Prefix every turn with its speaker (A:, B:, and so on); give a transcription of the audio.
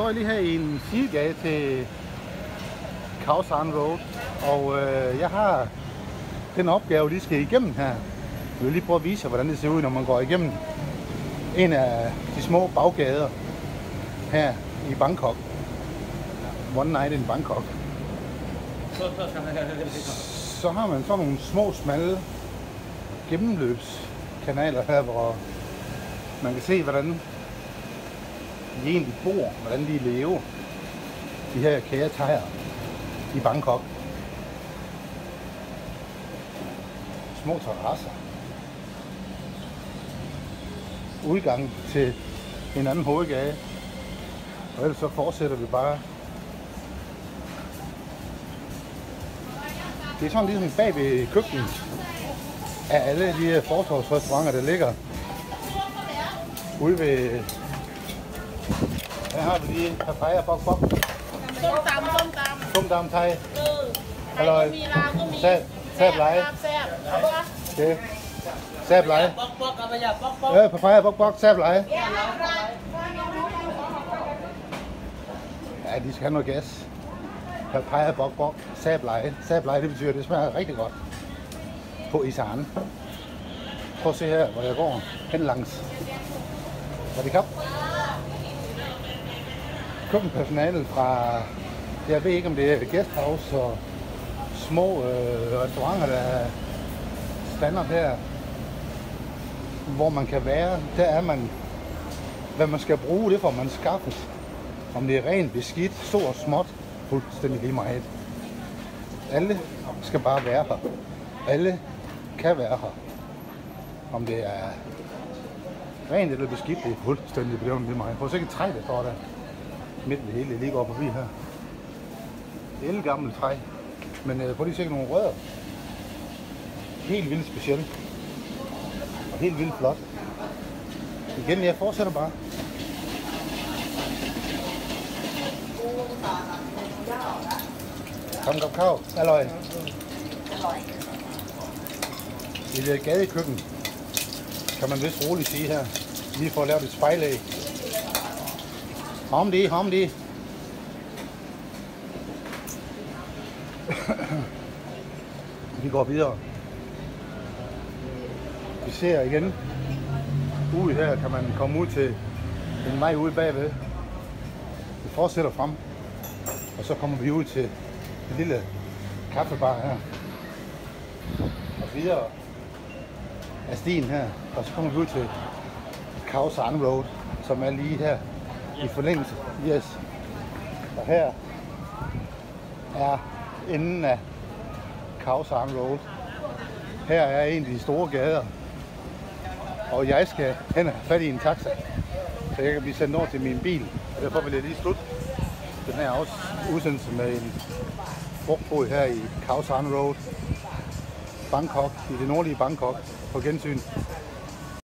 A: står jeg lige her i en sidegade til Kausan Road, og øh, jeg har den opgave, lige skal igennem her. Jeg vil lige prøve at vise jer, hvordan det ser ud, når man går igennem en af de små baggader her i Bangkok. One night in Bangkok. Så har man sådan nogle små, smalle gennemløbskanaler her, hvor man kan se, hvordan de egentlig bor, hvordan de lever, de her kære tager i Bangkok. Små terrasser. Udgang til en anden hovedgade. Og ellers så fortsætter vi bare. Det er sådan ligesom bag ved køkkenet af alle de her fortorvsrestauranter, der ligger ude ved her har vi lige papaya og bok bok. ส้มตำส้มตำส้มตำไทย เออไทยก็มีลาวก็มีแซ่บแซ่บหลายครับแซ่บเอาปะโอเคแซ่บหลายป๊อกป๊อกกับปะยาป๊อกป๊อกเออปะไฟป๊อกป๊อกแซ่บหลาย Ja, de skal have noget gas. Papaya bok bok, sablej. Sablej, det betyder, at det smager rigtig godt på Isaren. Prøv at se her, hvor jeg går hen langs. Var det kap? køkkenpersonalet fra, jeg ved ikke om det er guesthouse og små øh, restauranter, der stander der, hvor man kan være. Der er man, hvad man skal bruge, det får man skaffes. Om det er rent, beskidt, stort og småt, fuldstændig lige meget. Alle skal bare være her. Alle kan være her. Om det er rent eller beskidt, det er fuldstændig bedøvende lige meget. Prøv at se et træ, der står der midt i det hele. lige går forbi her. El gammelt træ. Men øh, prøv lige at se nogle rødder. Helt vildt specielt. Og helt vildt flot. Igen, jeg fortsætter bare. Kom, kom, kav. Halløj. Det er et gadekøkken, kan man vist roligt sige her. Lige for at lave et spejlæg. Vi går videre. Vi ser igen. Ude her kan man komme ud til en vej ude bagved. Vi fortsætter frem. Og så kommer vi ud til en lille kaffebar her. Og videre af stien her. Og så kommer vi ud til Khao Road, som er lige her i forlængelse. Yes. Og her er enden af San Road. Her er en af de store gader. Og jeg skal hen og have fat i en taxa, så jeg kan blive sendt over til min bil. Og derfor vil jeg lige slutte den her også udsendelse med en frugtbod her i San Road, Bangkok, i det nordlige Bangkok, på gensyn.